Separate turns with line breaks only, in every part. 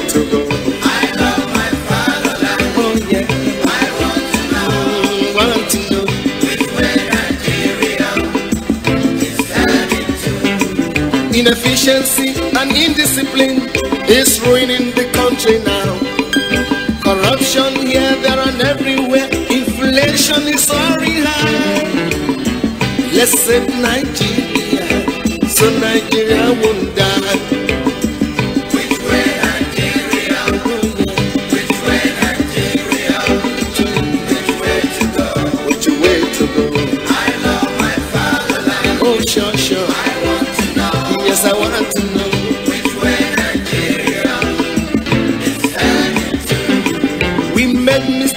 to go. I love my fatherland. Oh yeah. I want to know. want to know. Which way Nigeria is heading to. Inefficiency and indiscipline is ruining the country now. Corruption here, there and everywhere. Inflation is soaring high. Let's save Nigeria so Nigeria won't die.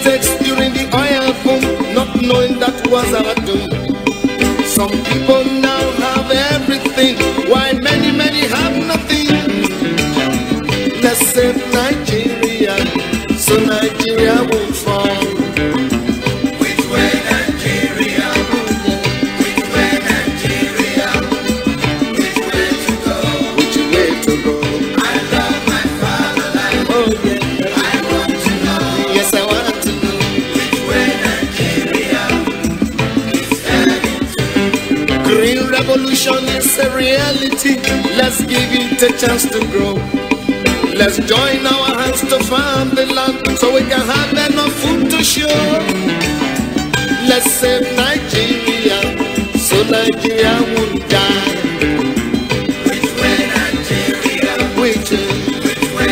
sex during the oil boom, not knowing that was our doom. Some people now have everything, while many, many have nothing. Let's save Nigeria. reality. Let's give it a chance to grow. Let's join our hands to farm the land so we can have enough food to show. Let's save Nigeria so Nigeria won't die. Which way Nigeria? Which way?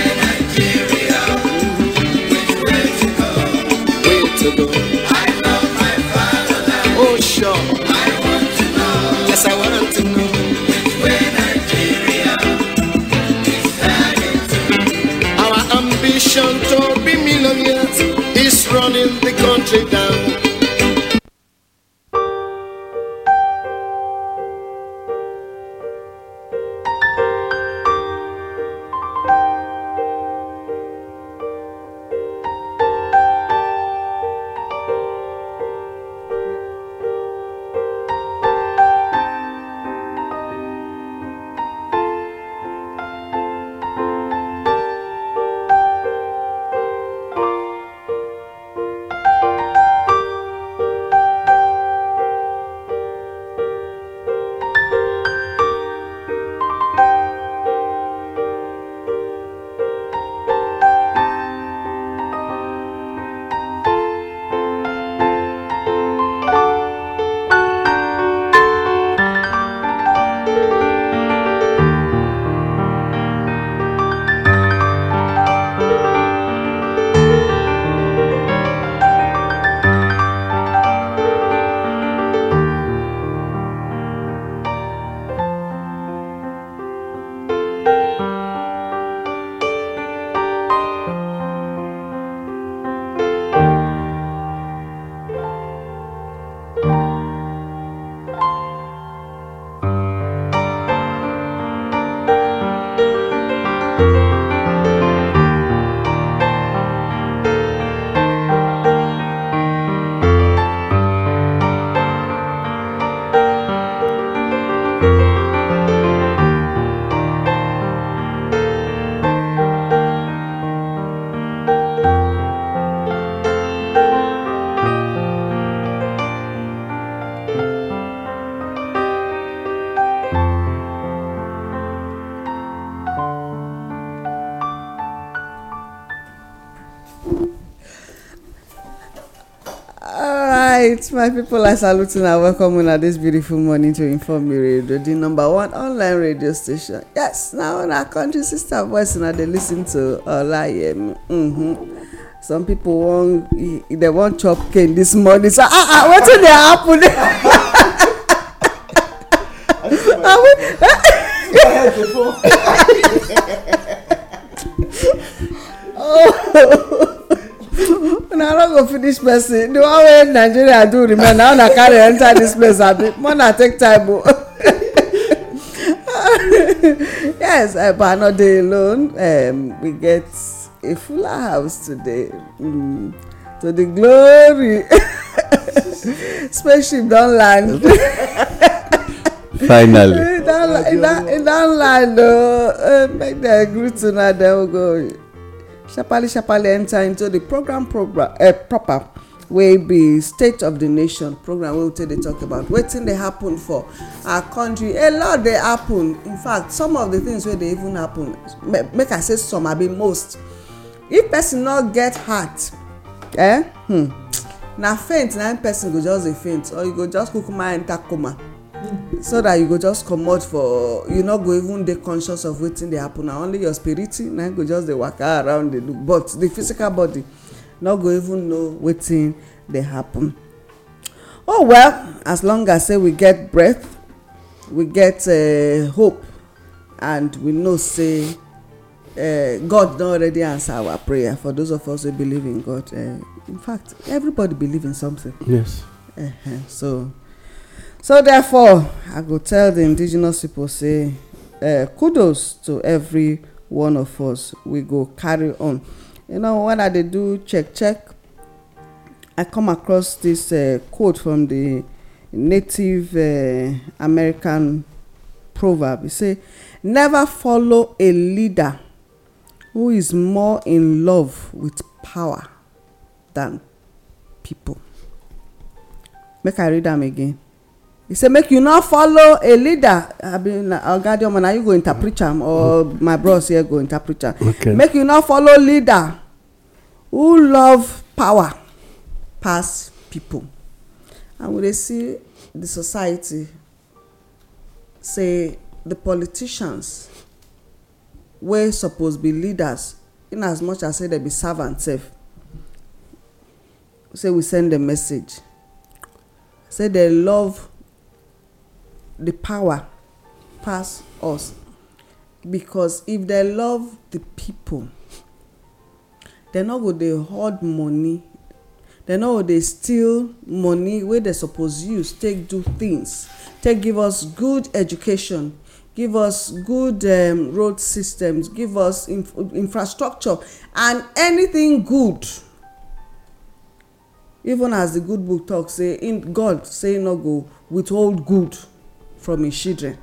to go? I love my fatherland. Oh sure. I want to know. Yes I want.
right, my people, I salute and welcome you on this beautiful morning to Inform Me Radio, the number one online radio station. Yes, now in our country sister voice, now they listen to Olayemi. Mm-hmm. Some people want they want chop cane this morning. So ah ah, what's did they happen?
Are we? oh
na i no go finish person the one wey nigeria do remain na una carry enter this place abi more na take time o oh. yes eh, but i no dey alone um, we get a fuller house today mm, to the glory spaceship don land finally e don land o oh, eh, make dem gree to na dem go. Shapali shapali enter into the program program eh, proper wey be state of the nation program wey we take dey talk about wetin dey happen for our country a lot dey happen in fact some of the things wey dey even happen make i say some abi most if person no get heart eh hmm na faint na person go just dey faint or you go just kukuma enter coma so that you go just comot for you no go even dey conscious of wetin dey happen na only your spirit na go just dey waka around dey look but the physical body no go even know wetin dey happen. oh well as long as say we get breath we get eh, hope and we know say eh, god don already answer our prayer for those of us wey believe in god eh, in fact everybody believe in something. yes. Uh -huh. so so therefore i go tell the indigenous people, say eh, kudos to every one of us we go carry on you know wen i dey do check check i come across dis eh, quote from the native eh, american proverb e say never follow a leader who is more in love with power than people make i read am again he say make you no follow a leader oga na oh, you go interpret am or oh, my bros here go interpret am make you no follow leader who love power pass people and we dey see the society say the politicians wey suppose be leaders in as much as say they be servants sef say we send dem message say they love the power pass us because if they love the people they no go dey hoard money They no go dey steal money wey they suppose use take do things take give us good education give us good um, road systems give us inf infrastructure and anything good even as the good book talk say in god say no go withhold good from his children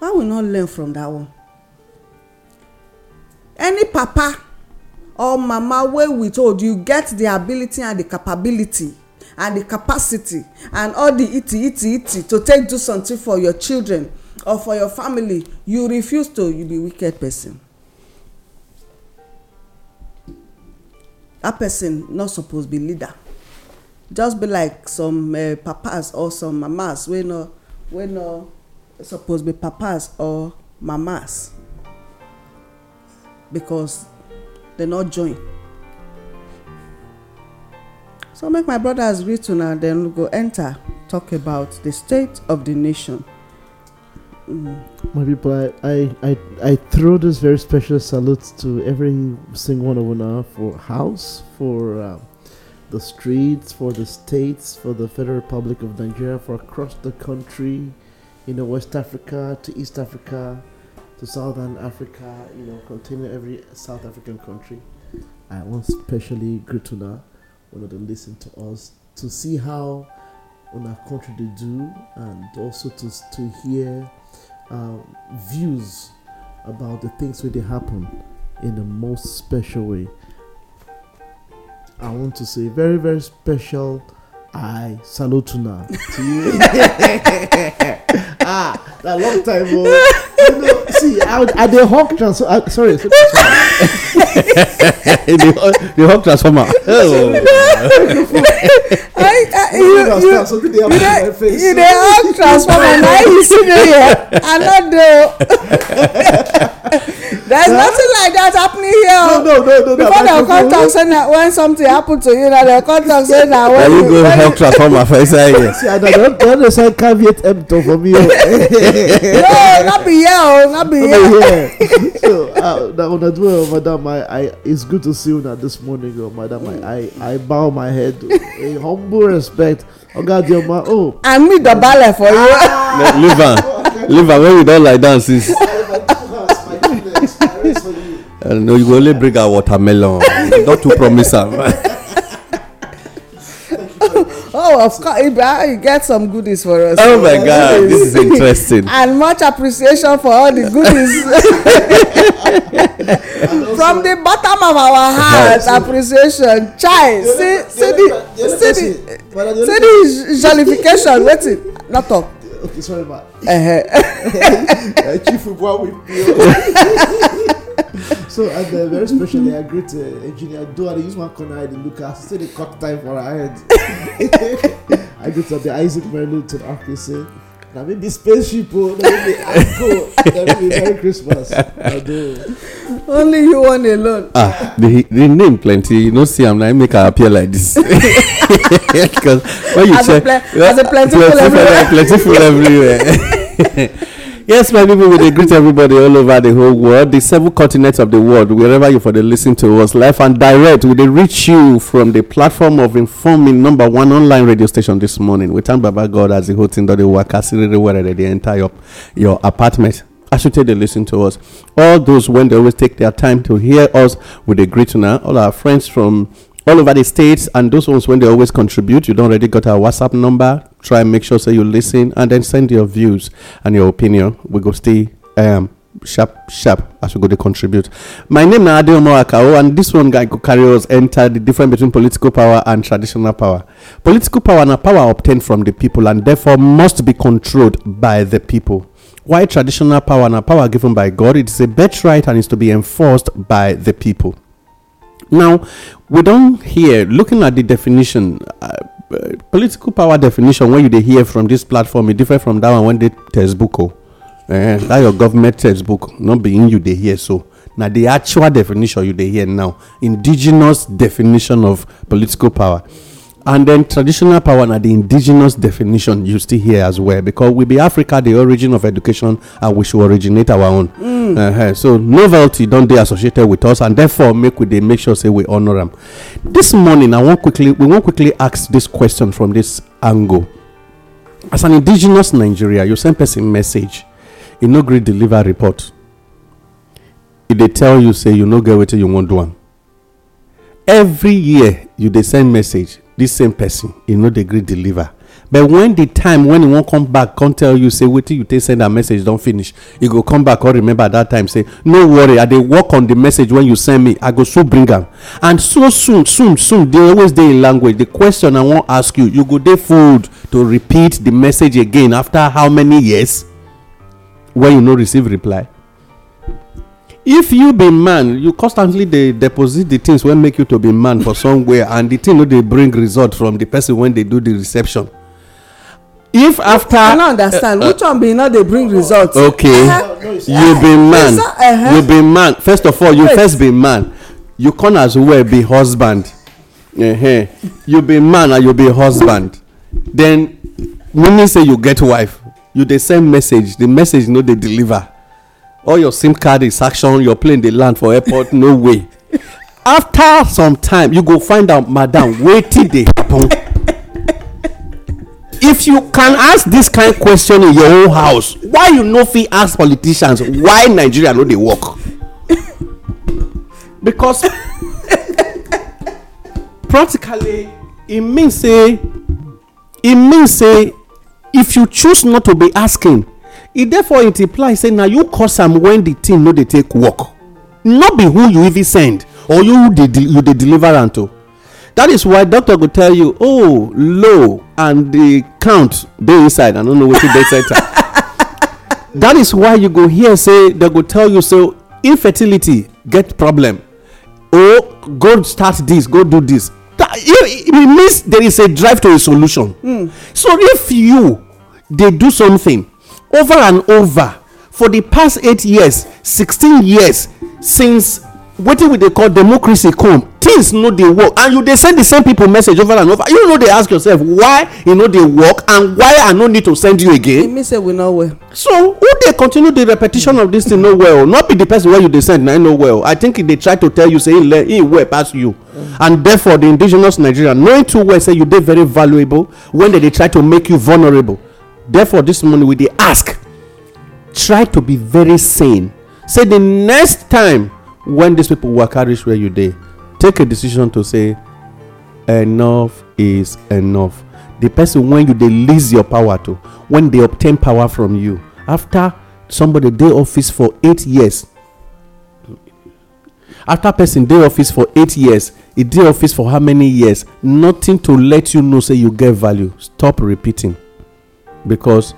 why we no learn from that one any papa or mama wey we told you get the ability and the capability and the capacity and all the iti iti iti to take do something for your children or for your family you refuse to you be wicked person that person not suppose be leader just be like some uh, papas or some mamas wey no wey no supposed to be papas or mamas because they not join so make my brothers greet and then go enter talk about the state of the nation. Mm.
My people, I, I, I, I throw this very special salute to every single one of now for house, for uh, the streets, for the states, for the Federal Republic of Nigeria, for across the country, you know, West Africa to East Africa to Southern Africa, you know, continue every South African country. I want especially Gretuna, one of them listen to us to see how on our country they do and also to, to hear uh, views about the things where they happen in the most special way. I want to say very, very special I salute now. ah, that long time. Old. Oh know, see, I, the hawk transformer. Uh, sorry, sorry.
the, the hawk transformer.
I, you, you, you, you, hawk transformer. Now you see me here. I not do.
There's huh? nothing like that happening here. No, no, no, no. Before they'll come talk say that when something happened to you, now they'll come talk say na when you. Are
you hawk transformer for See, I don't don't
say caveat emptor for me. Oh. No, not be here hell, not be here. so, uh, now, that well, oh, madam, I, I, it's good to see you now this morning, oh, madam. I, I, I bow my head in humble respect. Oh, God, your ma, oh. I meet the ballet for you.
Liver, ah. liver. Leave we don't like dances. since. I know uh, you only bring our watermelon. Not to promise her.
oh, of course, Ibrahim get some goodies for us. Oh my God, this is interesting. and much appreciation for all the goodies from the bottom of our heart. appreciation, child. See, see the, see the,
see the jollification.
Waiting, not talk. Okay, sorry, ma.
Uh-huh. Chief, what we feel. so at the uh, very special they agreed to uh, engineer do and use one corner eye dey look her say dey cut time for her head i greet to the isaac merlin to the office. say na me be spaceship o na me be anko na me be merry christmas na do. only you one alone.
ah the the name plenty you no see am na make her appear like this. because when you as check as a plenty plentiful everywhere plentiful everywhere yes, my people, we greet everybody all over the whole world, the seven continents of the world, wherever you for the listen to us live and direct. We they reach you from the platform of informing number one online radio station this morning. We thank Baba God as the whole thing that they work, as the entire your your apartment. I should tell they listen to us. All those when they always take their time to hear us with a now, All our friends from all over the states and those ones when they always contribute you don't already got our whatsapp number try and make sure so you listen and then send your views and your opinion we go stay um, sharp sharp as we go to contribute my name na adeomo akao and this one guy go carry us enter the difference between political power and traditional power political power na power obtained from the people and therefore must be controlled by the people Why traditional power na power given by god it's a birthright and is to be enforced by the people Now, we don't hear, looking at the definition, uh, uh political power definition, when you they hear from this platform, it different from that one when they textbook. Oh. Uh, that your government textbook, not being you they hear so. Now, the actual definition you they hear now, indigenous definition of political power. And then traditional power and the indigenous definition you still hear as well, because we be Africa the origin of education and we should originate our own. Mm. Uh-huh. So novelty don't they associated with us, and therefore make we they make sure say we honor them. This morning, I want quickly we want quickly ask this question from this angle. As an indigenous Nigeria, you send person message, you no great deliver report. If they tell you say you no get what you want do one. Every year you they send message This same person e no dey gree deliver but when the time when e won't come back come tell you say wait till you take send am message don't finish e go come back come remember that time say no worry i they work on the message when you send me i go soon bring am and so soon soon soon They always dey in language The question i wan ask you you go dey food to repeat the message again after how many years when you no receive reply if you be man you constantly dey deposit the things wey make you to be man for somewhere and the thing no dey bring result from the person wey dey do the reception if
after i no understand uh, uh, which
one be not dey
bring result okay uh-huh. you be man
uh-huh. you be man first of all you first be man you come as well be husband -huh. you be man and you be husband then meaning say you get wife you dey send message the message no dey deliver all your sim card is action your plane dey land for airport no way after some time you go find out madam wetin dey happen if you can ask this kind question in your own house why you no fit ask politicians why nigeria no dey work because practically e mean say e mean say if you choose not to be asking e therefore it imply say na you cause am when the team no dey take work no be who you even send or you dey deliver am to that is why doctor go tell you oh low and the count dey inside i no know wetin dey center that is why you go hear say they go tell you say infertility get problem oh go start this go do this e means there is a drive to a solution hmm. so if you dey do something over and over for the past eight years sixteen years since wetin we dey call democracy come things no dey work and you dey send the same people message over and over you no dey ask yourself why e no dey work and why i no need to send you again. e
mean say we no well.
so who dey continue the repetition of this thing no well not be the person wey you dey send na no well i think e dey try to tell you say he learn him well pass you and therefore the indigenous nigerian knowing too well say you dey very valuable when dem dey try to make you vulnerable therefore this morning we dey ask try to be very sane say the next time when these people waka reach where you dey take a decision to say enough is enough the person when you dey lose your power to when they obtain power from you after somebody dey office for eight years after person dey office for eight years e dey office for how many years nothing to let you know say you get value stop repeating because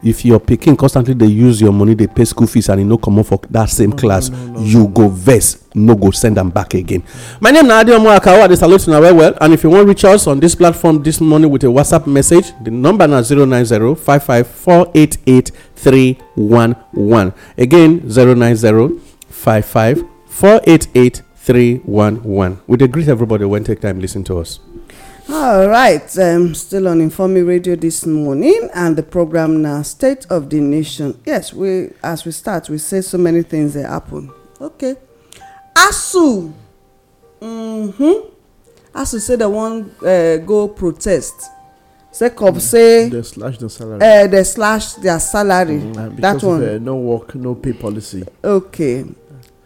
if you're picking constantly they use your money They pay school fees and you no comot for that same class you go vex no go send them back again my name na adeomu akawo i dey salute una well well and if you to reach us on this platform this morning with a whatsapp message the number na 09055488311 again 09055488311 we greet everybody when take time listen to us
All right, um, still on Informe Radio this morning, and the program now State of the Nation. Yes, we as we start, we say so many things that happen. Okay,
ASU, mm-hmm.
ASU say they want uh, go protest. Second, mm, say they slash their salary. Uh, they slash their salary. Mm, uh, that one. Uh,
no work, no pay policy.
Okay,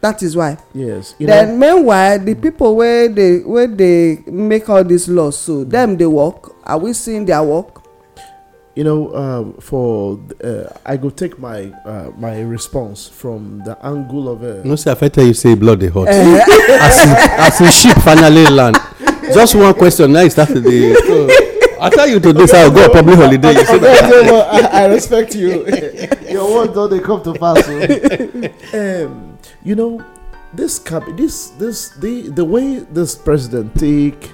that is why
yes you then
know, meanwhile the people wey dey wey dey
make all these laws so dem dey work are we seeing their work. you know um, for uh, i go take my uh, my response from the angle of. Uh,
no sir. i fit tell you say blood dey hot
as in
as in sheep finally land just one question now you start to dey. I tell you today, sir, I go on public holiday. You see that? No,
no, I, I respect you. Your words don't they come to pass. So. um, you know, this cabinet, this this the the way this president take,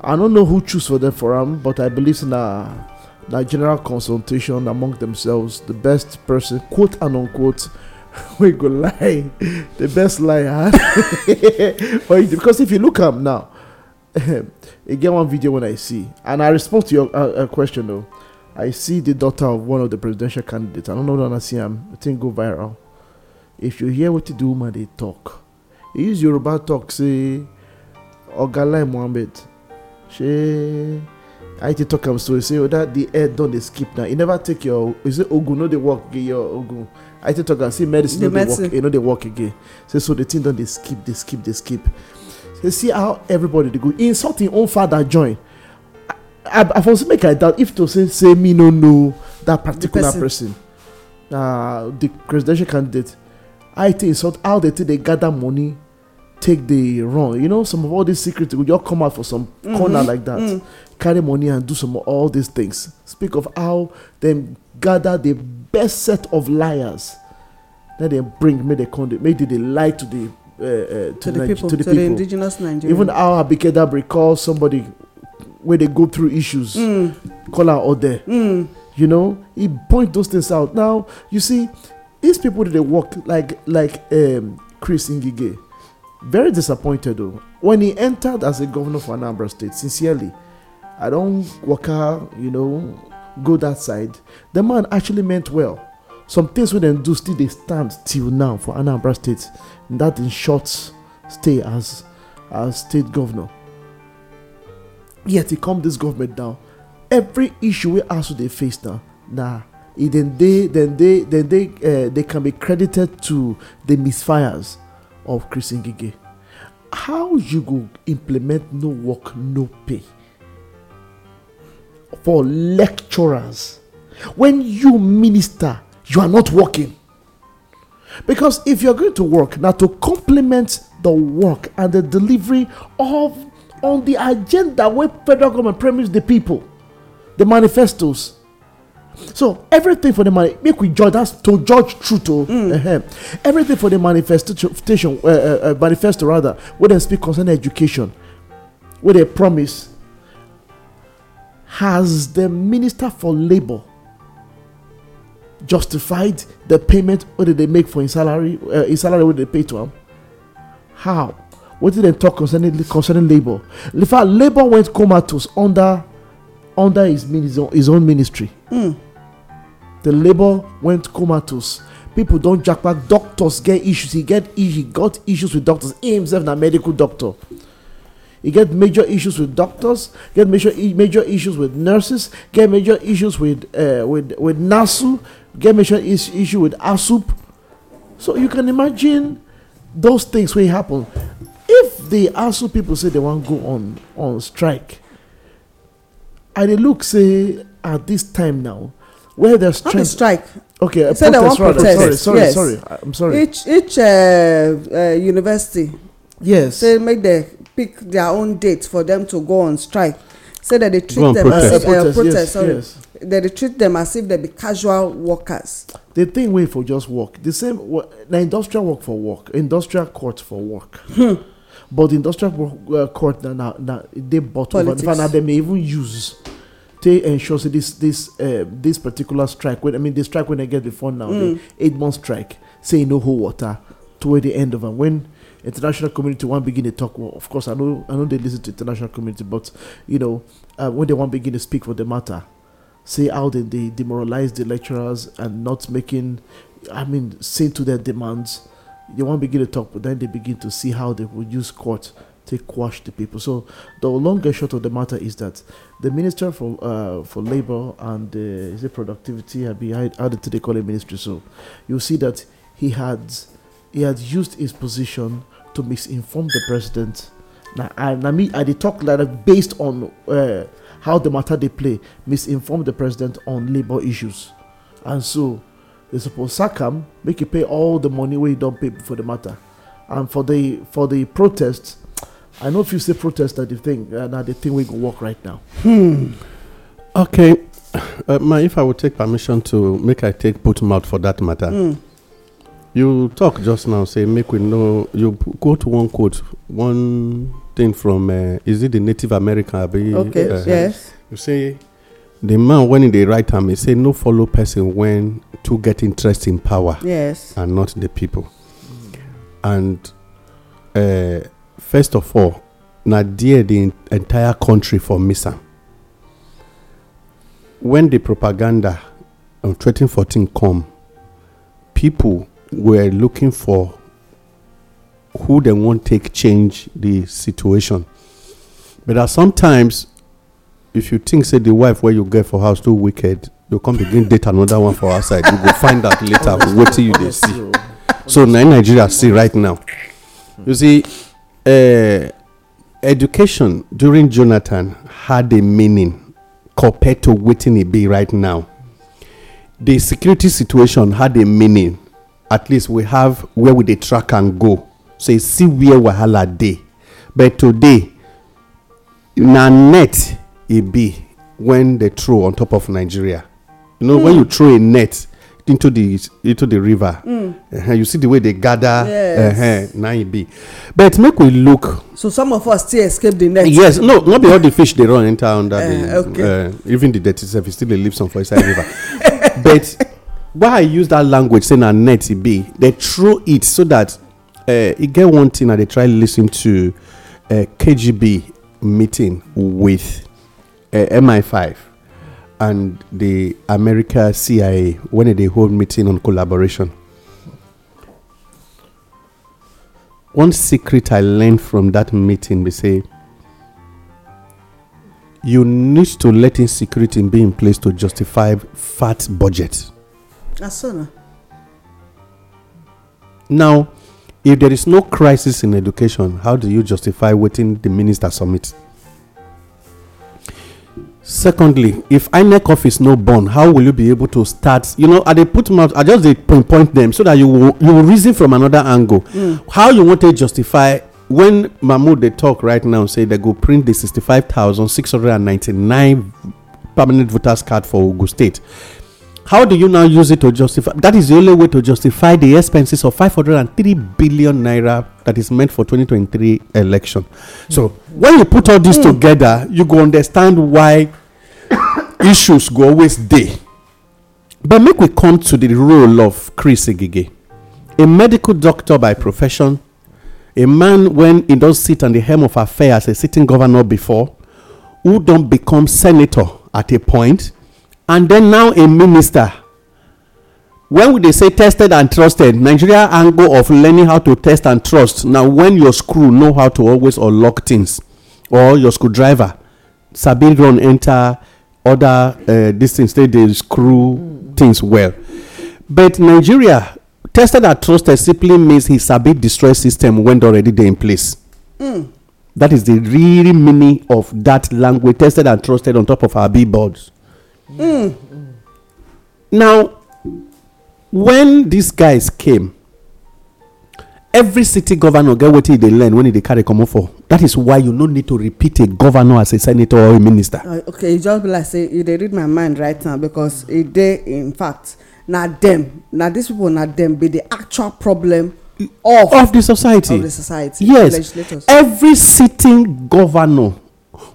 I don't know who choose for them for him, but I believe in a, a general consultation among themselves, the best person, quote and unquote. we go lie, the best liar. because if you look up now, again one video when I see, and I respond to your uh, uh, question though. I see the daughter of one of the presidential candidates. I don't know when I see him. I think go viral. if you hear wetin the woman dey talk e use yoruba talk say oga lai mohammed shey i take talk am so he say oda the head don dey skip now e never take your he say ogun no dey work again your ogun i take talk am say medicine no dey work e no dey work again say so the thing don dey skip dey skip dey skip say see how everybody dey go he insult him own father join i i for say make i doubt if to say say me no know that particular person ah the presidential candidate I take insult how they take they gather money, take the run. You know, some of all these secrets will just come out for some mm-hmm. corner like that. Mm. Carry money and do some all these things. Speak of how them gather the best set of liars then they bring, me the conduct, maybe they lie to the uh, uh, to, to, the, Niger- people, to the to people. the indigenous Nigerians. Even our Abikeda recall somebody where they go through issues, mm. call out all there. Mm. You know, he point those things out. Now you see, these people they work like like um, Chris Ngige. Very disappointed though. When he entered as a governor for Anambra State, sincerely, I don't work out, you know, go that side. The man actually meant well. Some things we didn't do still they stand till now for Anambra State. That in short stay as as state governor. Yet he come this government down. Every issue we ask they face now, nah, then they then they then they uh, they can be credited to the misfires of Chris Ngige. How you go implement no work no pay for lecturers when you minister you are not working? Because if you're going to work now to complement the work and the delivery of on the agenda where federal government promised the people, the manifestos, so everything for the money, make we judge that's to judge truth. To, oh, mm. uh Everything for the manifestation, uh, uh, uh, manifesto rather, where they speak concerning education, where they promise. Has the minister for labor justified the payment what did they make for his salary uh, salary what did they pay to him how what did they talk concerning concerning labor in fact labor went comatose under under his, his own ministry mm the labor went comatose people don't jack back. doctors get issues he get he got issues with doctors he himself not medical doctor he get major issues with doctors get major major issues with nurses get major issues with uh, with with nasu get major is, issue with asup so you can imagine those things will happen if the ASU people say they to go on on strike i dey look say at this time now where there's not trans- strike. Okay, a protest, protest. Sorry, sorry, yes. sorry. I'm sorry.
Each each uh, uh, university. Yes. They make they pick their own date for them to go on strike. Say that they treat them protest. as uh, protest. protest yes, sorry. Yes. That they treat them as if
they be casual workers. They think wait for just work. The same the industrial work for work, industrial court for work. Hmm. But industrial work, uh, court now, now, they bought over. In fact, now they may even use Tay ensures this this uh, this particular strike. When I mean the strike when they get before now, mm. the eight month strike, say no whole water toward the end of them. when international community want begin to talk well of course i know i know they listen to international community but you know uh, when they want begin to speak for the matter say how they, they demoralize the lecturers and not making i mean saying to their demands they want begin to talk but then they begin to see how they will use court to quash the people. So the long and short of the matter is that the minister for uh, for labor and uh, is it productivity had been added to the calling ministry. So you see that he had he had used his position to misinform the president. Now, and I mean, I did talk like based on uh, how the matter they play, misinform the president on labor issues, and so they suppose sack him, make you pay all the money where you don't pay for the matter, and for the for the protests. i know if you say protest na the thing na uh, the thing we go walk right now
hmm okay uh, my if i would take permission to make i take put him out for that matter hmm. you talk just now say make we know you quote one quote one thing from uh, is it the native american abi okay yes you say the man when he dey write am he say no follow person when to get interest in power yes and not the people hmm. and uh, first of all na there di entire country for miss am wen di propaganda on 2014 come people were looking for who dem wan take change the situation but at sometimes if you think say the wife wey you get for house too wicked you come begin date another one for outside you go find out later wetin you dey see so na nigeria see right now you see uh, education during Jonathan had a meaning compared to waiting it be right now. The security situation had a meaning. At least we have where we the track and go. So you see where wahala day. But today, na net it e be when they throw on top of Nigeria. You know, mm. when hmm. you throw a net, into the into the river mm. uh-huh. you see the way they gather yes. uh-huh, na e be but make we look
so some of us still escape the net yes no not be all the
fish dey run enter under the eh, okay. uh, even the dirty surface still dey leave some for inside river but why i use that language say na net e be dey throw it so that uh, get one thing i dey try lis ten to uh, kgb meeting with uh, mi5 and the America CIA when they hold meeting on collaboration. One secret I learned from that meeting, they say, you need to let insecurity be in place to justify fat budget. Asana. Now, if there is no crisis in education, how do you justify waiting the minister summit? secondly if inec office no burn how will you be able to start you know i dey put mouth i just dey point point dem so that you will you will reason from another angle mm. how you wan take justify when Mahmood dey talk right now say they go print the sixty-five thousand six hundred and ninety-nine permanent voters card for ogun state how do you now use it to justify that is the only way to justify the expenses of 503 billion naira that is meant for 2023 election so when you put all this hmm. together you go understand why issues go always day but make we come to the role of chris igige a medical doctor by profession a man when he does sit on the helm of affairs a sitting governor before who don't become senator at a point and then now a minister when we dey say tested and trusted nigeria angle of learning how to test and trust na when your screw know how to always unlock things or your screwdriver sabi run enter other dis eh, things say dey screw things well but nigeria tested and trusted simply means he sabi destroy system when already dey in place hmm. that is the real meaning of that language tested and trusted on top of our billboards Mm. Now, when these guys came, every city governor get what e dey learn when e dey carry come for that is why you no need to repeat a governor as a senator or a minister.
Uh, okay e just like say you dey read my mind right now because e dey in fact now them, now these people, now them be the actual problem
of of the society of the society yes every sitting governor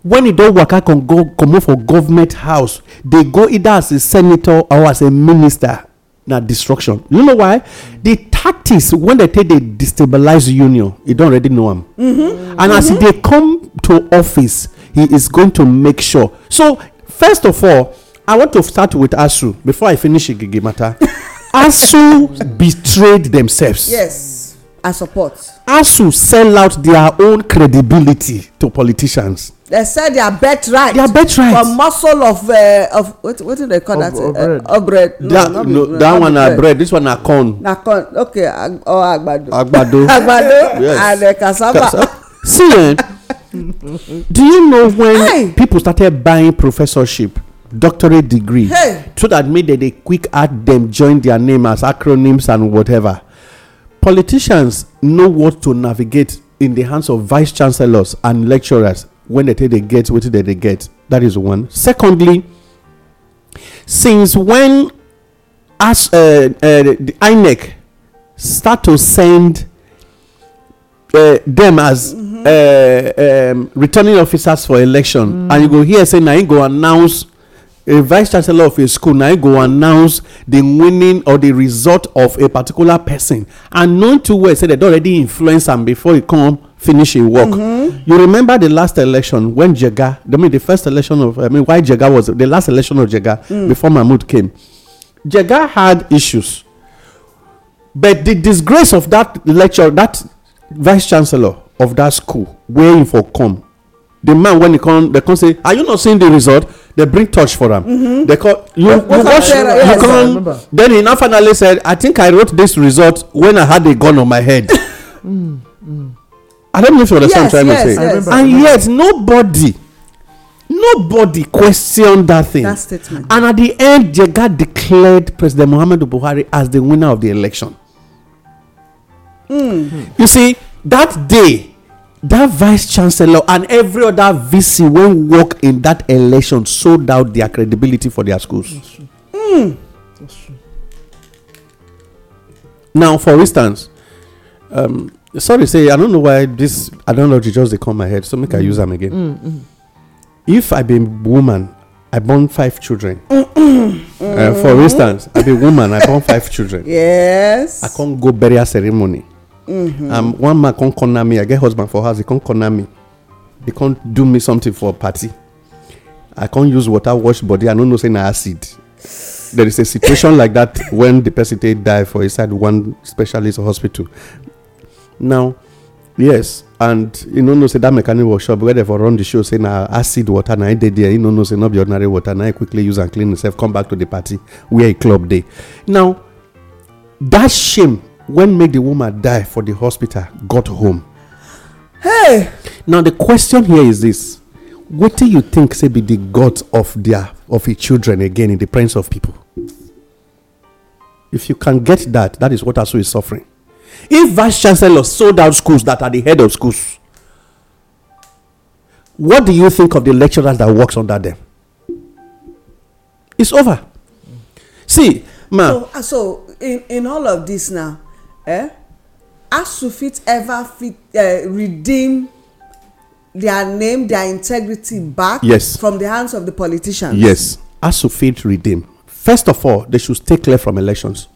when e don waka comot for government house dey go either as a senator or as a minister na destruction you know why the tactics wey dem take dey destabilize union you don already know am
mm-hmm. and as e mm-hmm. dey
come to office he is going to make sure so first of all i want to start with asu before i finish igige matter asu betrayed themselves yes and support. asu sell out their own credibility to politicians.
they sell their birthright. their right. for muscle of uh, of wetin wetin they call of, that. Uh, uh, of bread of bread.
that, no, no, that one na bread. bread this one na corn.
na corn okay Ag or oh, agbado. agbado agbado yes. and uh, cassava.
see eh do you know when Aye. people started buying professorship doctorate degree hey. so that make dem dey quick add them, join their name as acronyms and whatever politicians know what to navigate in the hands of vice chancellors and lecturers when they take they get what they they get that is one secondly since when as uh, uh, the inec start to send uh, them as mm-hmm. uh, um, returning officers for election mm-hmm. and you go here saying I ain't go announce a vice chancellor of a school na go announce the winning or the result of a particular person and known too well say dem don already influence am before he come finish e work mm-hmm. you remember the last election when jega i mean the first election of i mean why jega was the last election of jega mm. before Mahmood came jega had issues but the disgrace of that lecturer, that vice chancellor of that school wey him for come the man come, e come say are you not seeing the result they bring torch for am. Mm-hmm. they call you you watch you come then he now finally said i think i wrote this result when i had a gun on my head.
Mm, mm.
i don't know if you understand yes, what i'm trying to say and yet nobody nobody questioned that thing and at the end jega declared president muhammadu buhari as the winner of the election.
Mm.
you see that day that vice chancellor and every other vc wey work in that election sold out their credibility for their schools mm. now for instance um, sorry say i don't know why this analogy just dey come my head so make i mm. use am again mm, mm. if i be woman i born five children
uh, for instance
i be woman i born five children yes i con go burial ceremony
Mm-hmm. Um,
one man come corner me i get husband for house he come corner me he come do me something for party i come use water wash body i no know say na acid there is a situation like that when the person take die for inside one specialist hospital now yes and you no know say that mechanic workshop where they for run the show say na acid water na e dey there you no know say no be ordinary water na e quickly use and clean himself come back to the party where e club dey now that shame when make the woman die for the hospital got home hey now the question here is this What do you think say be the god of their of his children again in the presence of people if you can get that that is what aso is suffering if vice chancellor sold out schools that are the head of schools what do you think of the lecturers that works under them it's over see ma.
so so in in all of this now eh, asu fit ever fit uh, redeem their name their integrity back. yes from the hands of the politicians. yes
asu fit redeem first of all they should stay clear from elections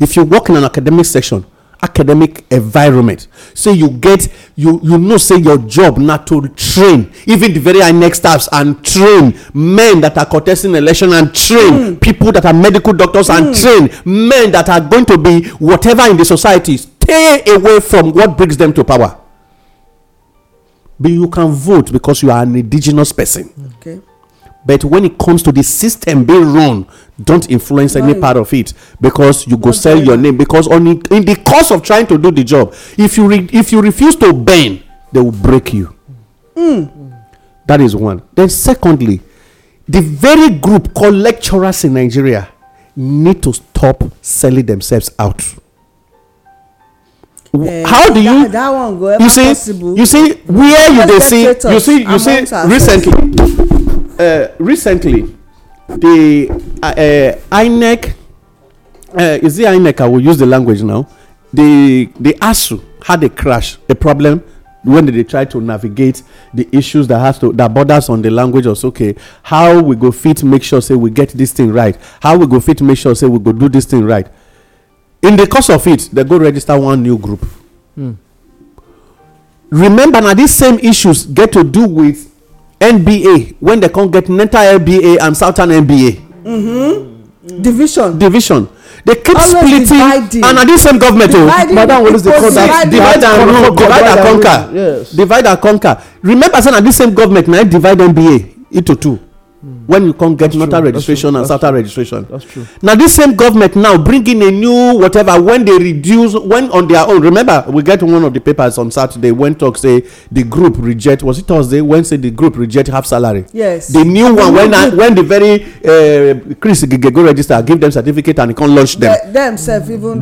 if you work in an academic section academic environment so you get you you know say your job na to train even the very high next staffs and train men that are contesting election and train mm. people that are medical doctors and mm. train men that are going to be whatever in the society stay away from what brings them to power but you can vote because you are an indigenous person okay but when it comes to the system being run don't influence right. any part of it because you go okay. sell your name because on it, in the course of trying to do the job if you re, if you refuse to bend they will break you mm. that is one then secondly the very group called lecturers in nigeria need to stop selling themselves out uh, how
do that, you that, one go you see possible. you see where you dey see you see you see recently
uh, recently, the uh, uh INEC, uh, is the INEC, I will use the language now, the, the ASU had a crash, a problem when they try to navigate the issues that has to that borders on the language also okay how we go fit make sure say we get this thing right how we go fit make sure say we go do this thing right in the course of it they go register one new group mm. remember now these same issues get to do with nba when they come get mental nba and southern nba
mm-hmm.
division division they keep splitting and na this same government oh madam what is the call that divide and rule divide and conquer divide and conquer remember saying na this same government na divide nba into two Hmm. when you come get notary registration and charter registration
That's
true.
Now this same government now bringing a new whatever when they reduce when on their own remember we get one of the papers on saturday when talk say the group reject was it thursday when say the group reject half salary yes the new one when when the very eh, chris gigego register give them certificate and e launch them.
dem sef even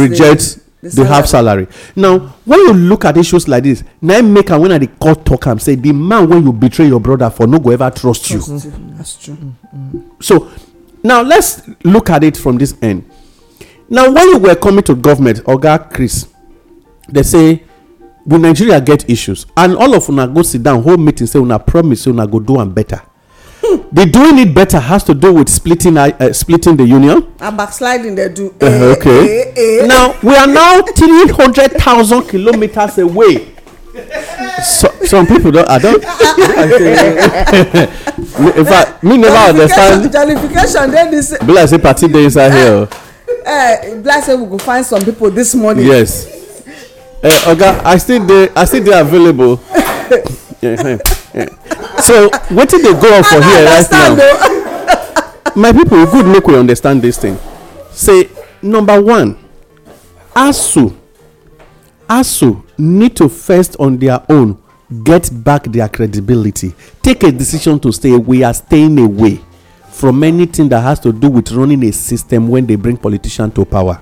reject the they have
salary now when you look at issues like this now make am when i dey court talk and say the man when you betray your brother for no go ever trust you
that's
true mm, mm, mm.
so now let's look at it from this end now when you were coming to government oga chris they say we nigeria get issues and all of una go sit down whole meeting say una promise say una go do and better the doing it better has to do with splitting uh, splitting the union.
and backsliding they do. Uh, uh-huh, eh, okay. Eh, eh, now
we are now three hundred thousand kilometers away. So, some people don't. I don't. in fact, me never understand. Jollification, then this. Be like party dey inside here.
Uh, be we go find some people this morning. Yes.
Uh, Oga, okay, I still dey. I still dey available. so wetin dey go on for here right now my people good make we understand this thing say number one asu asu need to first on their own get back their credibility take a decision to say we are staying away from anything that has to do with running a system when they bring politician to power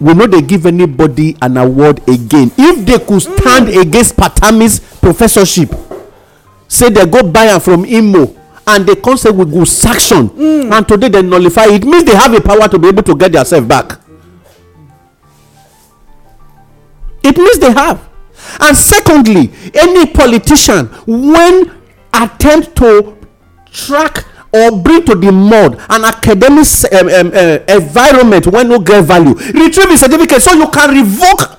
we no dey give anybody an award again if they could stand mm. against patami's professorship say they go buy am from imo and dey come say we go sanction mm. and today they nullify it means they have a power to be able to get diasef back it means they have and secondly any politician when attempt to track or bring to the mud an academic um, um, uh, environment wey no get value retrieve the certificate so you can revoke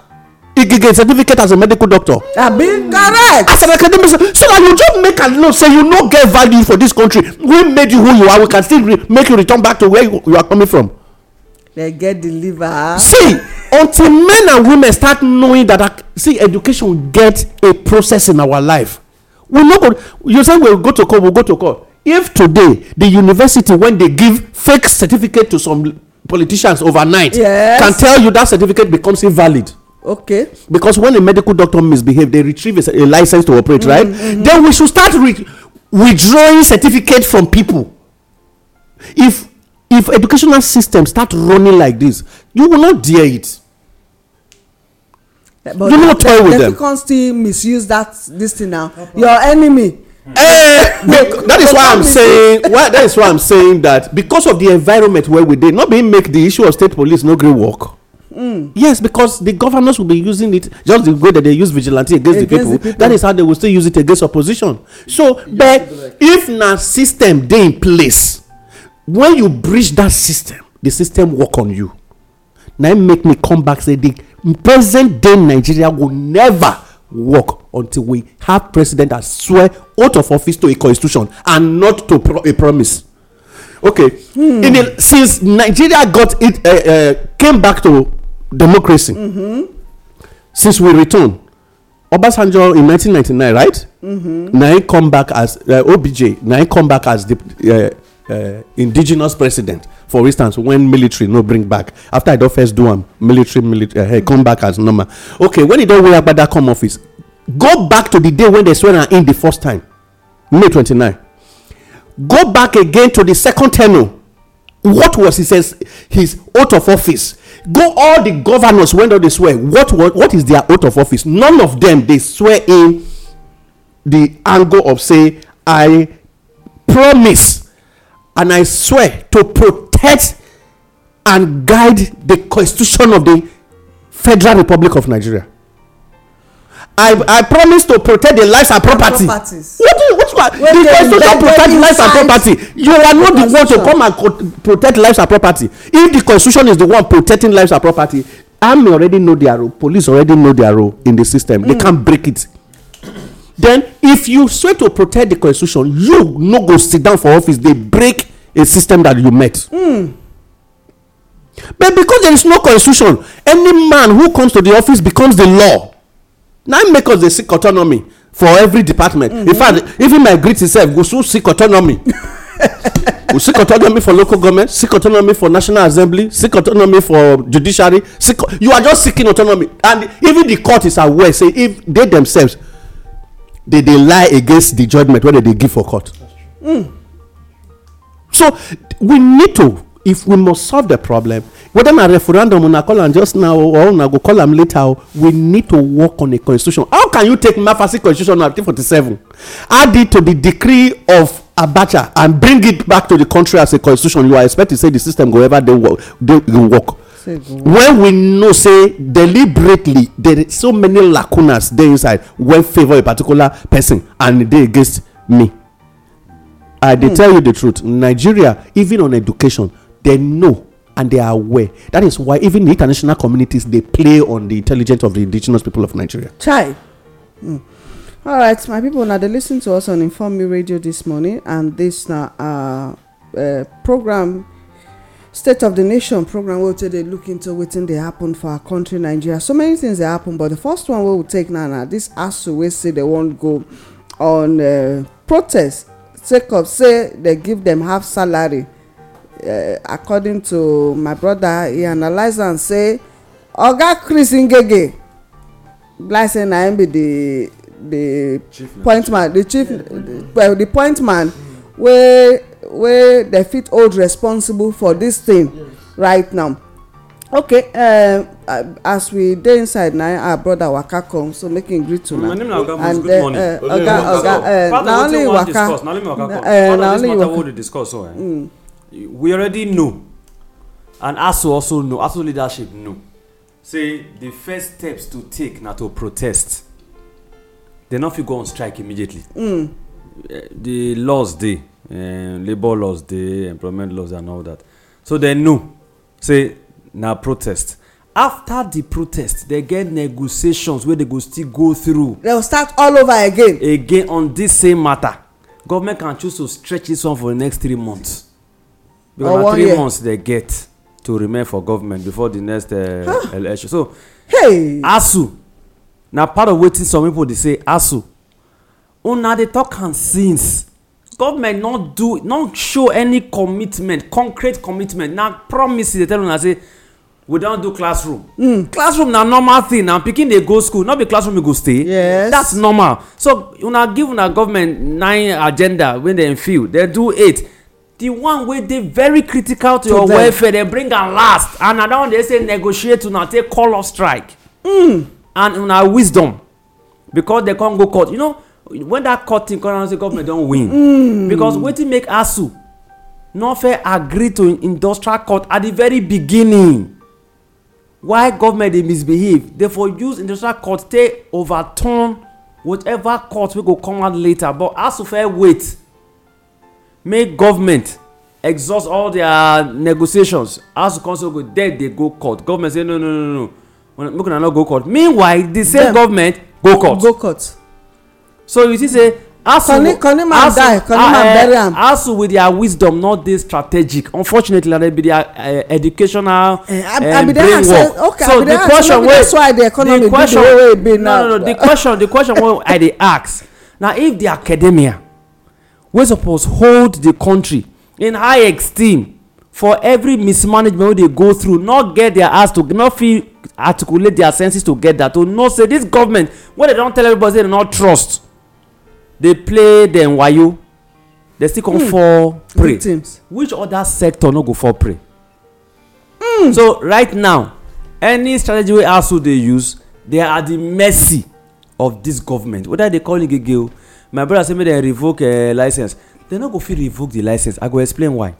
igige certificate as a medical doctor. abi correct. as an academic so that you just make am know say you no get value for dis country we made you who you are we can still make you return back to where you, you are coming from.
dem get the liver. see
until men and women start knowing that see education get a process in our life we no go you say we go to court we go to court if today the university when they give fake certificate to some politicians overnight yes. can tell you that certificate becomes invalid okay because when a medical doctor misbehave they retrieve a, a license to operate mm-hmm, right mm, mm-hmm. then we should start re- withdrawing certificate from people if if educational system start running like this you will not dare it eh, but you not toy with them. They
can still misuse that this thing now.
Your enemy eh, that is why i'm saying why that is why i'm saying that because of the environment where we did not being make the issue of state police no great work. Mm. yes because the governors will be using it just the way that they use vigilante against, against the, people, the people that is how they will still use it against opposition so you but like if na system they in place when you breach that system the system work on you Now make me come back say the present day nigeria will never work until we have president that swear oath of office to a constitution and not to pro a promise. Okay, hmm. in the, since Nigeria got it uh, uh, came back to democracy, mm -hmm. since we return, Obasanjo in 1999, right?
Mm-hmm. Now
he come back as uh, eh, OBJ. Now he come back as the uh, uh, indigenous president. For instance, when military no bring back after I don't first do am military military uh, hey, come back as normal. Okay, when he don't wear about that come office, go back to the day when they swear in the first time. May 29. Go back again to the second tenure. What was he says his oath of office? Go all the governors when they swear. What, what, what is their oath of office? None of them they swear in the angle of say, I promise and I swear to protect and guide the constitution of the Federal Republic of Nigeria. I, I promise to protect the lives and property. What
do what you are? The constitution protect lives and property. You are not the one to come
and protect lives and property. If the constitution is the one protecting lives and property, army already know their role, police already know their role in the system. Mm. They can't break it. Then if you swear to protect the constitution, you no go sit down for office. They break a system that you met. Mm. But because there is no constitution, any man who comes to the office becomes the law na im make us dey seek autonomy for every department in mm-hmm. fact even my greet itself go soon seek autonomy we seek autonomy for local government seek autonomy for national assembly seek autonomy for judiciary seek you are just seeking autonomy and even the court is aware say if they themselves dey dey lie against the judgment wey dem dey give for court so we need to if we must solve the problem whether na referendum una call am just now or una go call am later we need to work on a constitution how can you take mafasi constitution of seven add it to the decree of abacha and bring it back to the country as a constitution you are expected to say the system go ever dey work dey work when we know say deliberately there is so many lacunas dey inside wey favour a particular person and e dey against me i dey hmm. tell you the truth nigeria even on education they know and they are aware. That is why even the international communities they play on the intelligence of the indigenous people of Nigeria.
Chai. Mm. All right, my people, now they listen to us on Inform Me Radio this morning, and this now uh, uh, program, State of the Nation program, we'll today look into what they happen for our country, Nigeria. So many things that happen, but the first one we will take now, now this ASU, we say they won't go on uh, protest, take up, say they give them half salary. Uh, according to my brother, he analyse am say oga chris ngege like say na him be the the point man the chief well the point man wey wey dem fit hold responsible for this thing right now okay um, uh, as we dey inside na our brother waka come so make him greet una and then uh, uh, oga oga na only waka na only
waka we already know and aso also know aso leadership know say the first steps to take na to protest They no fit go on strike immediately mm. Eh, the laws dey um, labour laws dey employment laws and all that so they know say na protest after the protest they get negotiations wey they go still go through. they go start all over again. again on this same matter government can choose to stretch this one for the next three months because na three months they get to remain for government before the next eh, election so hey, asu na part of wetin some people dey say asu una dey tok am since government not do not show any commitment concrete commitment na promise dey tell una say we don do classroom hmm. classroom na normal thing na pikin dey go school not be classroom you go stay yes that's normal so una give una government nine agenda wey dem feel dem do eight the one wey dey very critical to, to your them. welfare dey bring am last and na that one dey say negotiate una take call off strike mm. and una wisdom because dey come go court you know when that court thing come out say government don win mm. because wetin make asu no fair agree to industrial court at the very beginning why government dey misbehave dey for use industrial court take overturn whatever court wey go come out later but asu fair wait make government exhaust all their negotiations house council go there they go court government say no no no no make una no go court meanwhile the same government go court go court so you see say asu asu ah, eh, with their wisdom not dey strategic unfortunately na be their eh, educational eh, brain work so the question wey the question no no no the question the question wey i dey ask na if the academia wey suppose hold di kontri in high esteem for every mismanagement wey dey go through not get their ass to not fit articulate their senses to get that. to know say this government wey dem don tell everybody say dem no trust dey play dem wayo dem still come hmm. fall prey which other sector no go fall prey hmm. so right now any strategy wey asuu dey use dey at the mercy of this government whether they call it gege o my brother say make dem revoke eh, license dem no go fit revoke the license i go explain why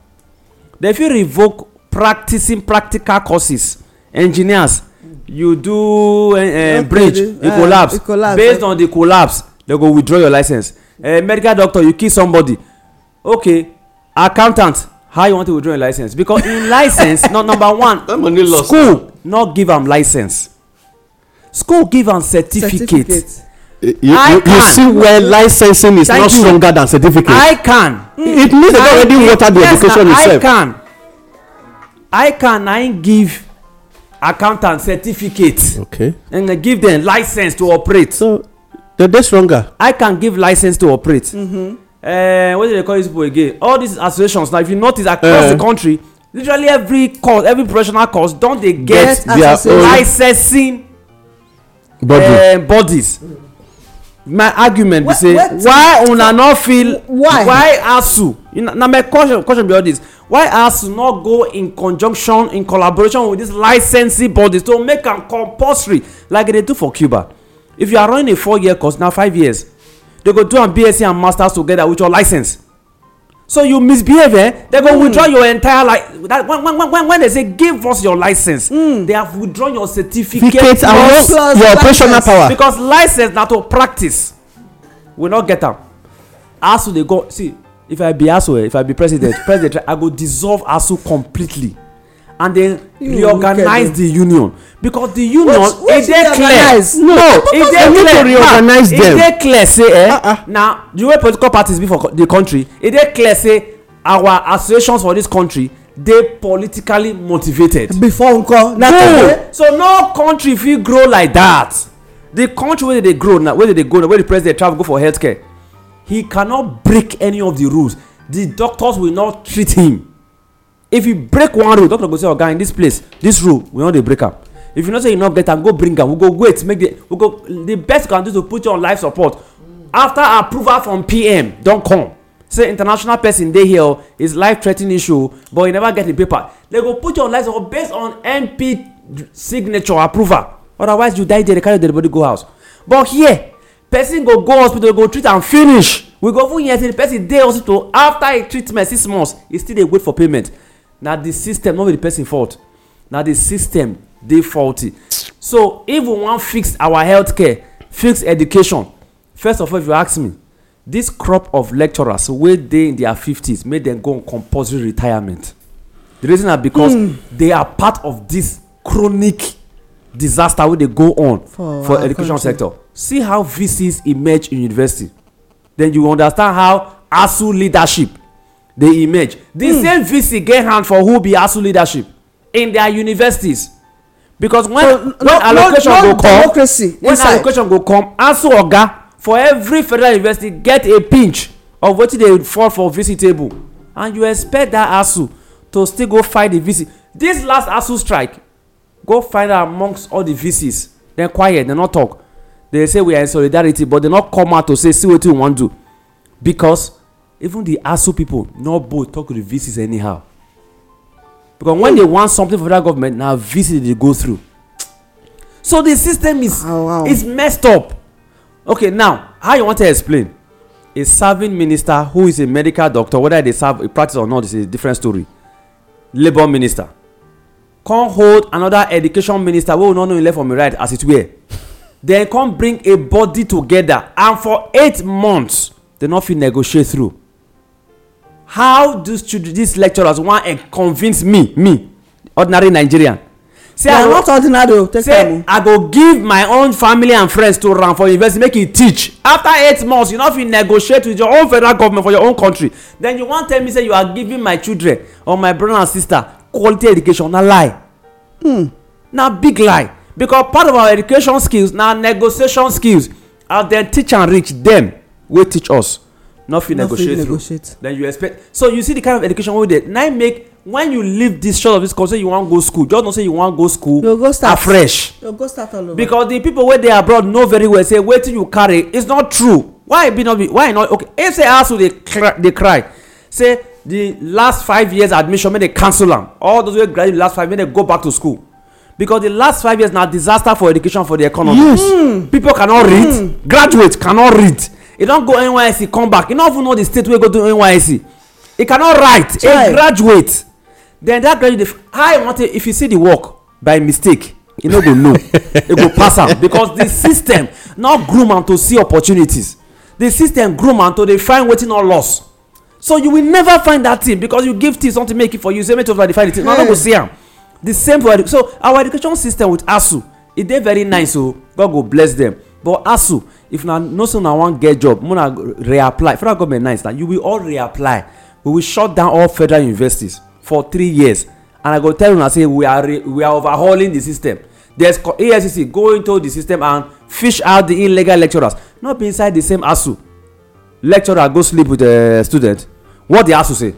dem fit revoke practicing practical courses engineers you do eh, eh, bridge you e ah, e collapse based on the collapse dem go withdraw your license medical doctor you kill somebody okay accountant how you want to withdraw your license because in license no number one school not give am license school give am certificate You, you, you, see where licensing is Thank not you. stronger than certificate. I can. Hmm. It means they already watered the yes, education itself. I can. I can. I give accountant certificate. Okay. And I give them license to operate. So they're, they're stronger. I can give license to operate. Mm -hmm. uh, what do they call these people again? All these associations. Now, if you notice across uh, the eh. country, literally every course, every professional course, don't they get, get licensing uh, bodies? my argument be say why una no feel why Why asu na my question question be all this why asu no go in conjunction in collaboration with this licensing bodies to make am compulsory like they do for cuba if you are running a four year course na five years they go do am bsc e and masters together with your license so you misbehave eh they go mm. withdraw your entire like that when when when when they say give us your license. Mm. they have withdrawn your certificate. and plus your operational power. because license that will practice will not get them. asu they go see if i be asu eh, if i be president president i go dissolve asu completely and then reorganize the union because the union e dey clear no e dey clear now e dey clear say eh ah, ah. na the way political parties be for the country e dey clear say our associations for this country dey politically motivated before nko na no so no country fit grow like that the country wey dey grow now wey dey go now wey the president travel go for healthcare he cannot break any of the rules the doctors will not treat him if you break one rule doctor go say oga in this place this rule we no dey break am if you know say you no get am go bring am we go wait make the we go the best you can do to put you on life support after approval from pm don come say international person dey here oh, is life threatening issue oh, but you never get the paper they go put you on life support based on mp signature approval otherwise you die there they carry dead body go house but here person go go hospital go treat am finish we go even hear say the person dey hospital after e treatment six months he still dey wait for payment na the system no be di person fault na the system dey faulty so if we wan fix our health care fix education first of all if you ask me This crop of lecturers wey dey in their fifties, make dem go on compulsory retirement the reason na mm. they are part of this chronic disaster wey dey go on
for education sector
see how vcs emerge in university then you understand how asu leadership dey emerge di hmm. same vc get hand for who be asu leadership in their universities because when allocation go come when allocation go come asu oga for every federal university get a pinch of wetin dey fall for vc table and you expect that asu to still go fight the vc This last asu strike go find out amongst all the vcs dem quiet dem no talk dey say we are in solidarity but dem no come out to say see wetin we wan do because even the ASU people no both talk to the vcs anyhow because when they want something for that government na vc they go through so the system is oh, wow. is messed up okay now how you want to explain a serving minister who is a medical doctor whether they serve a practice or not is a different story labour minister come hold another education minister wey we no know him left or him right as it were then come bring a body together and for eight months they no fit negotiate through how do children these lecturers wan convince me me ordinary nigerian say i not ordinary o oh, say oh. i go give my own family and friends to ram for university make e teach after eight months you no fit negotiate with your own federal government for your own country then you wan tell me say you are giving my children or my brother and sister quality education na lie hmm na big lie because part of our education skills na negotiation skills as dem teach am reach dem wey teach us not fit negotiate, negotiate then you expect so you see the kind of education wey dey na make when you leave this short of this course say you wan go school just know say you wan go school you go start afresh
you go start all over because
the people wey dey abroad know very well say wetin you carry is not true why e be not be why e not okay if say house dey cry dey cry say the last five years admission make they cancel am all those wey graduate last five make they go back to school because the last five years na disaster for education for the economy yes mm. people cannot read mm. graduates cannot read e don go nysc come back e no even know the state wey go do nysc e cannot write e graduate then that graduate how e wan take if you see the work by mistake e no go know e go pass am because the system no groom am to see opportunities the system groom am to dey find wetin no loss so you will never find that thing because you give thing something make it for you say make to verify the thing yeah. no no go see am the same for so our education system with asu e dey very nice o oh. god go bless them but asu if na no say una wan get job una reapply federal government nice na you will all reapply we will shut down all federal universities for three years and i go tell una say we are we are overhauling the system there's efcc go into the system and fish out the illegal lecturers no be inside the same asu lecturer go sleep with uh, student what the asu say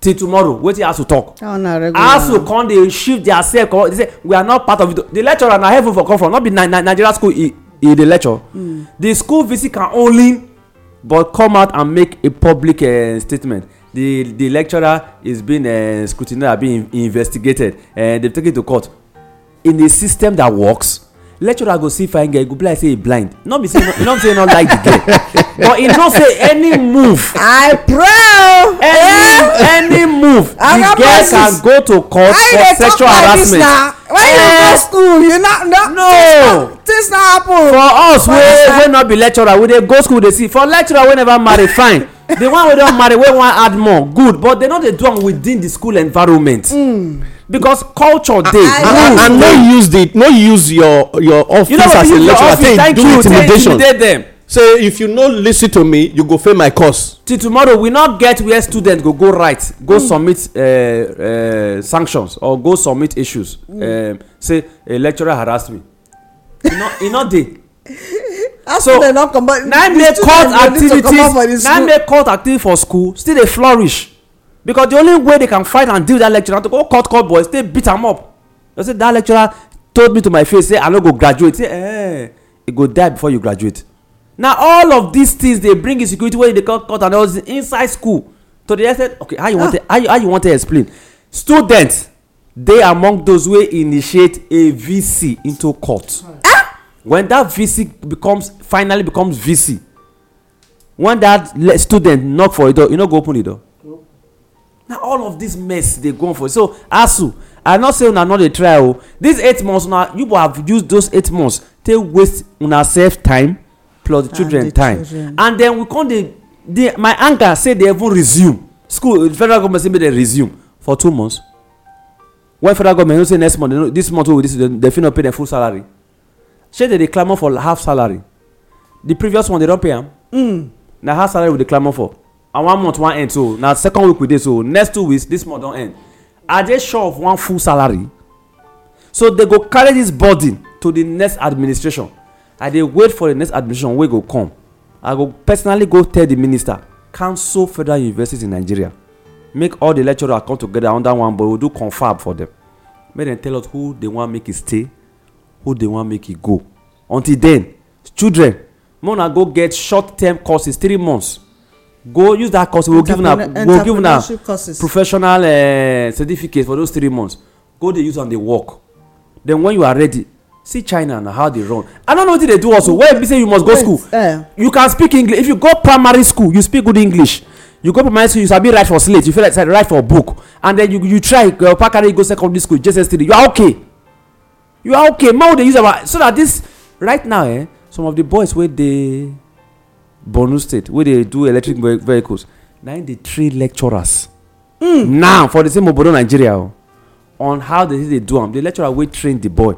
till tomorrow wetin asu talk oh, no, asu come dey shift their self come dey say we are not part of it the lecturer na heaven for come from no be na nigeria school e in a lecture mm. the school visit can only but come out and make a public uh, statement the the lecturer is being uh, scrutinized being investigated and uh, eh, they take it to court in a system that works lecturer go see fine girl go be like say e blind not be say e not say e not like the girl but e know say any move
i pray any eh? any
move the girl can go to court for sexual harassment
when you go eh? school you no no things no happen for us wey wey
not be lecturer we dey go school dey see for lecturer wey never marry fine the one wey don marry wey wan add more good but they no dey do am within the school environment hmm because culture dey and no use the no use your your office as a lecturer. say do intimidation say if you no listen to me you go fail my course till tomorrow we not get where students go go write go mm. submit uh, uh, sanctions or go submit issues mm. um, say a lecturer harass me e no dey so na im make court activity for school still dey flourish because the only way they can fight and deal with that lecturer na to oh, go cut cut boy stay beat am up you say that lecturer told me to my face say i no go graduate say eh e go die before you graduate na all of these things dey bring insecurity wey dey call cut and all this inside school to the extent okay how you ah. want to how you, how you want to explain students dey among those wey initiate a vc into court ah. when that vc becomes finally becomes vc when that student knock for a door you no go open the door na all of this mess dey go on for so asu i not say una no dey try o dis eight months una you go have used those eight months take waste una sef time plus the children time and then we come dey my anger say dey even resume school federal government say make dem resume for two months when federal government know say next month this month wey oh, dem fit not pay dem full salary shey dem dey clamour for half salary the previous one dem don pay am mm. na half salary we dey clamour for and one month wan end so na second week we dey so next two weeks this month don end i dey sure of one full salary so they go carry this burden to the next administration i dey wait for the next administration wey go come i go personally go tell the minister council federal universities in nigeria make all the lecturers come together under one body we do confab for them make dem tell us who they wan make e stay who they wan make e go until then children make go get short term courses three months go use that course we go give una go give una professional uh, eh, certificate for those three months go dey use am dey work then when you are ready see china na how they run i no know wetin dey do also when be say you must go school you can speak english if you go primary school you speak good english you go primary school you sabi write for slate you feel like write for book and then you you try uh, pakari go secondary school jss3 you are okay you are okay man wey dey use am so that this right now eh some of the boys wey dey borno state wey dey do electric vehicles na im dey train lecturers hmm. now for the same obodo nigeria oh, on how they dey do am the lecturer wey train the boy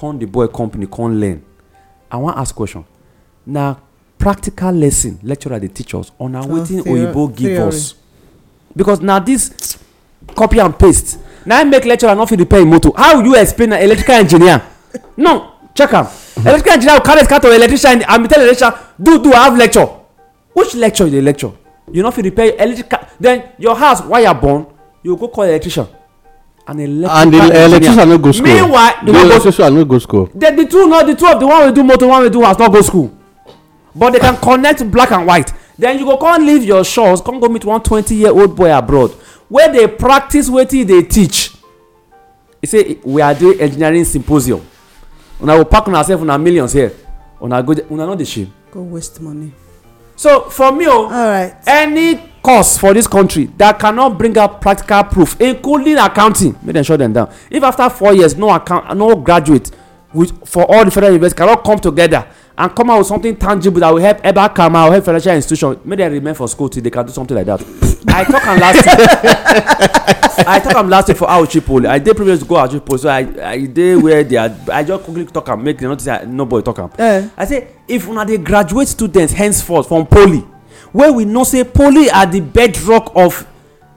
come the boy company come learn i wan ask question na practical lesson lecturer dey teach us on na wetin oyibo give us because na this copy and paste na make lecturer no fit repair im motor how you explain na electrical engineer no check am electrical engineer will carry his car to electrician and be tell electrician do do i have lecture which lecture you dey lecture you no fit repair your electrical then your house wire burn you go call electrician and electrical and the electrician no go school meanwhile the one go
school no go school
the the two no the two of the one wey do motor one wey do house no go school but they can connect black and white then you go come leave your shores come go meet one twenty year old boy abroad wey dey practice wetin e dey teach e say we are doing engineering symposium una go pack una sef una millions here una go una no dey shame.
go waste money.
so for me o right. any course for dis country that cannot bring out practical proof including accounting make dem shut dem down if after four years no account no graduate with for all the federal universities cannot come together and come out with something tangible that will help eba kama or help financial institution make dem remain for school till they can do something like that i talk am last week i talk am last week for aochipole i dey privileged to go aochipole so i i dey where they are i just quickly talk am make dem notice say nobody talk am eh. i say if una dey graduate students henceforth from poly wey we know say poly are the bedrock of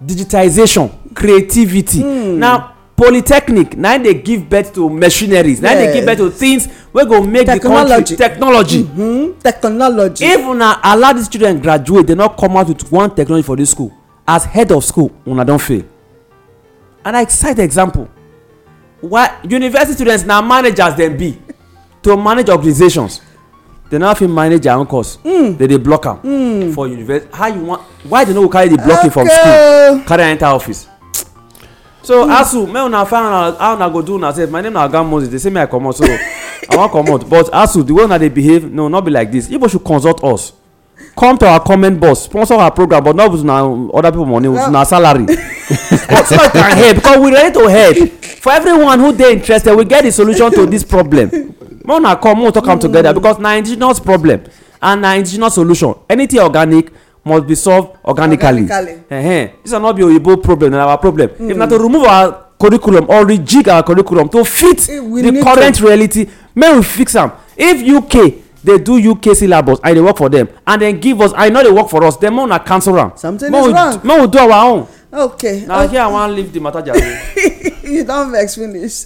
digitization creativity mm. now polytechnic na dey give birth to machineries na dey give birth to things wey go make the country technology technology mm-hmm. if una allow dis children graduate dem no come out with one technology for dis school as head of school una don fail and i cite example why university students na managers dem be to manage organizations dem no fit manage their own course dem mm. dey block am mm. for university how you wan why dem no go carry the blocking from school carry am enter office so asu make una find out how una go do una sef my name na oga moses dey say make i comot so i wan comot but asu the way una dey behave no not be like this igbo should consult us come to our comment box sponsor our program but not with na other people money with na salary but so it can help because we ready to help for everyone who dey interested we get the solution to this problem make una come make we talk am together because na indigenous problem and na indigenous solution anything organic must be solved organically, organically. Uh -huh. this will not be oyibo problem na our problem mm. if hmm. na to remove our curriculum or rejig our curriculum to fit the current to. reality may we fix am if uk dey do uk syllabus i dey work for dem and dem give us i no dey work for us dem una cancel am make we do our own
okay na okay. here i wan
leave the matter jabe.
you don vex finish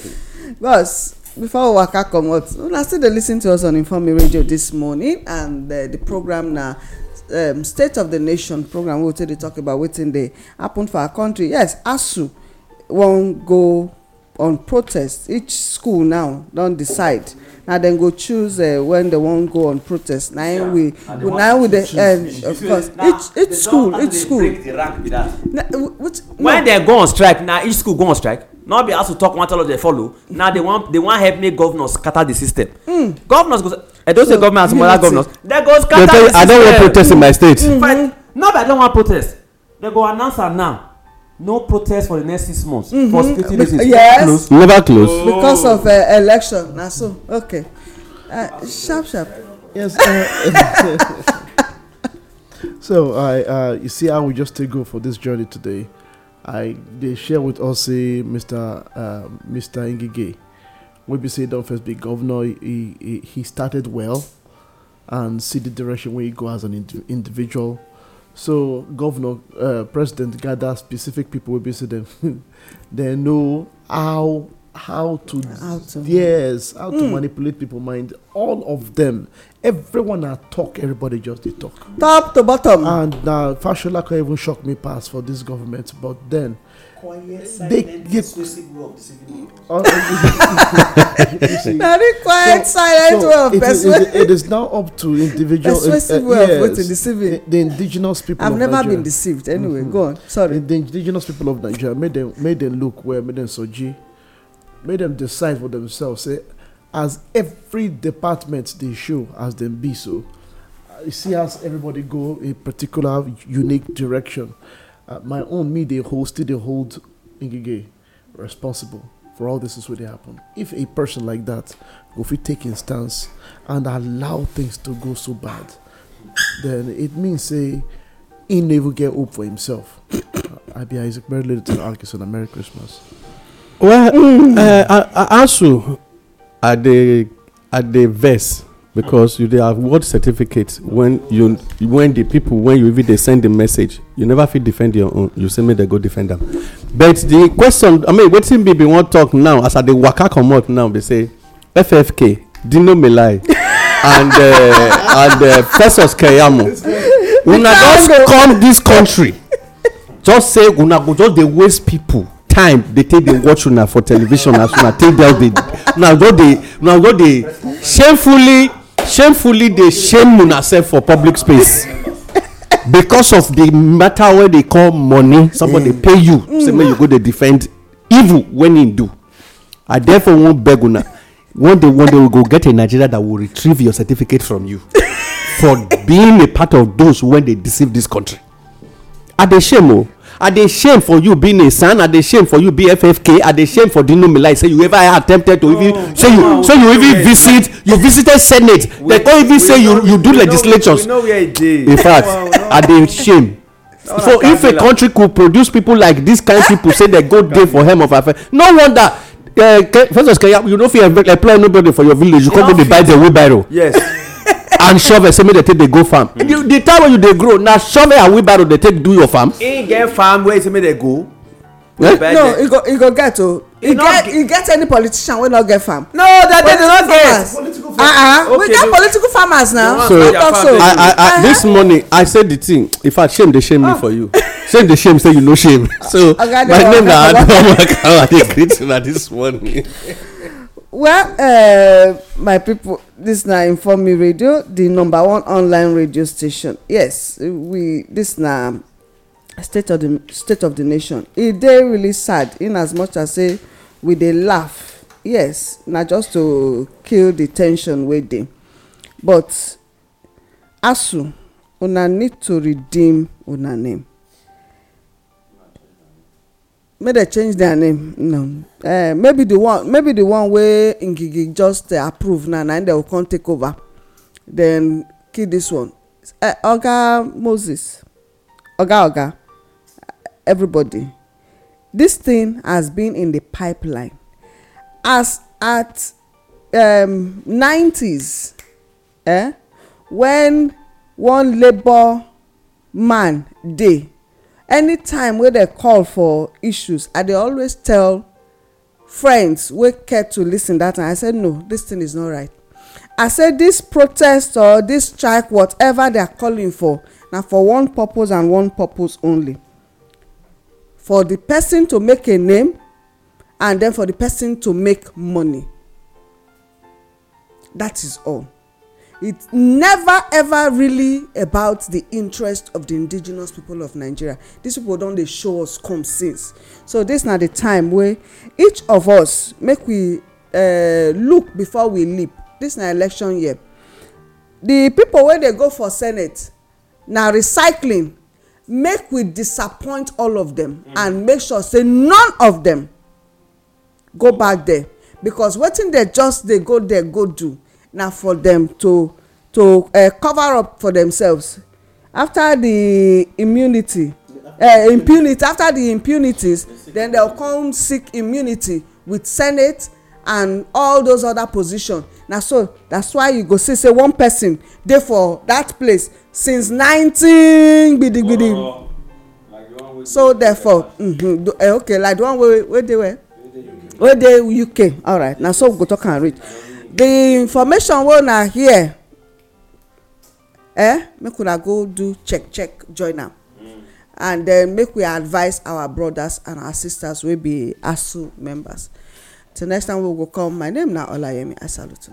boss before we waka comot una still dey lis ten to us on informe radio this morning and uh, the program na Um, state of the nation program wey we take dey talk about wetin dey happen for our country yes asu wan go on protest each school now don decide na dem go choose uh, when dem wan go on protest na im we na we dey um, of course each each school each school
when dem go on strike na each school go on strike not be ask to talk one tell us dey follow na they wan help make governors scatter the system hmm. governors go Edo State government and some other governors dem go scatter the system. I don't want protest in my state. Mm -hmm. No be I don't want protest They go announce am now no protest for the next six months. Mm -hmm. for mm-hmm. security
reasons yes. close never close. Oh. because of uh, election Now, so okay uh, sharp sharp. yes. Uh,
so i uh, you see how we just take go for this journey today i they share with us say mr uh, mr ngige WBC don't first be governor. He, he, he started well and see the direction where he go as an ind- individual. So governor, uh, president gather specific people will be them. they know how how to, how to yes how mm. to hmm. manipulate people mind. All of them, everyone are talk. Everybody just they talk. Top to bottom. And now uh, Fashola even shocked me past for this government. But then
quiet, silent, they, persuasive way of deceiving quiet, silent so it
is now up to individual. Persuasive uh, way yes, the deceiving. The, the, indigenous people. I've never Nigeria. been deceived. Anyway, mm-hmm. go on. Sorry. The, the, indigenous people of Nigeria made them made them look well, made them soji, made them decide for themselves. Say, as every department they show as them be so. You see, as everybody go a particular unique direction at uh, my own me, they hold they hold Ngige responsible for all this is what happen. If a person like that go fit take his stance and allow things to go so bad, then it means say he never get hope for himself. I be Isaac Merry Little Arkansas and Merry Christmas.
Well, mm. uh, I, I also at the at the verse. because you have award certificate when you when the people when you even they send the message you never fit defend your own you say make dem go defend am but the question i mean wetin be bin wan talk now as i dey waka comot now be say ffk dino melai and uh, and uh, festus keyamo
una just come
this country just say una go just dey waste people time dey take dey watch una for television as una take down the una go dey una go dey shamefully shamefully dey shame una sef for public space because of the matter wey dey call money somebody mm. pay you say make you go dey defend evil when e do i therefore wan beg una one day one day we go get a nigeria that will retrieve your certificate from you for being a part of those wey dey deceive dis country i dey shame o i dey shame for you being a son i dey shame for you being ffk i dey shame for dinumilai say you ever attempted to even say you say you even visit you visited senate dem go even say you you do legislatures in fact i dey shame so if a country could produce people like this kind people say dem go dey for helm of affair no wonder first of all you no fit employ nobody for your village you come go dey buy dem
wheelbarrow yes and shovel say make dem take dey go farm hmm. the time when you dey grow na shovel and wheelbarrow dey take do your farm e get farm wey say make dem go eh? no e
go go get o e get get any politician wey no get farm no dem dey not get uh-uh we get political farmers now so i i uh-huh.
this morning i say the thing if i shame dey shame me oh. for you shame dey shame say you no shame so my name na adamu akawa i dey greet you this morning
well uh, my people this na inform me radio the number one online radio station yes we this na state of the state of the nation e dey really sad in as much as say we dey laugh yes na just to kill the ten sion wey dey but asu una need to redeem una name make dem change their name no uh, maybe the one maybe the one wey ngigi just uh, approve now na they will come take over then kill this one uh, oga moses oga oga everybody this thing has been in the pipeline as at um, 90s eh, when one labour man dey anytime wey dem call for issues i dey always tell friends wey care to lis ten that time i say no this thing is not right i say this protest or this strike whatever they are calling for na for one purpose and one purpose only for the person to make a name and then for the person to make money that is all it's never ever really about the interest of the indigenous people of nigeria these people don dey show us come since so this na the time wey each of us make we uh, look before we leap this na election year the people wey dey go for senate na recycling make we disappoint all of them mm. and make sure say none of them go back there because wetin dey just dey go there go do na for dem to to eh, cover up for themselves after the immunity eh, impunity after the impunities then dem come seek immunity with senate and all those other positions na so that's why you go see say one person dey for that place since nineteen gbidigbidi oh, oh, oh. so therefore mm-hmm, eh, okay like the one wey dey where wey dey uk All right. na so we go talk and read The information wey una hear eh make una go do check check join am mm. and then make we advise our brothers and our sisters wey be asu members till next time we go come my name na olayemi asalutu.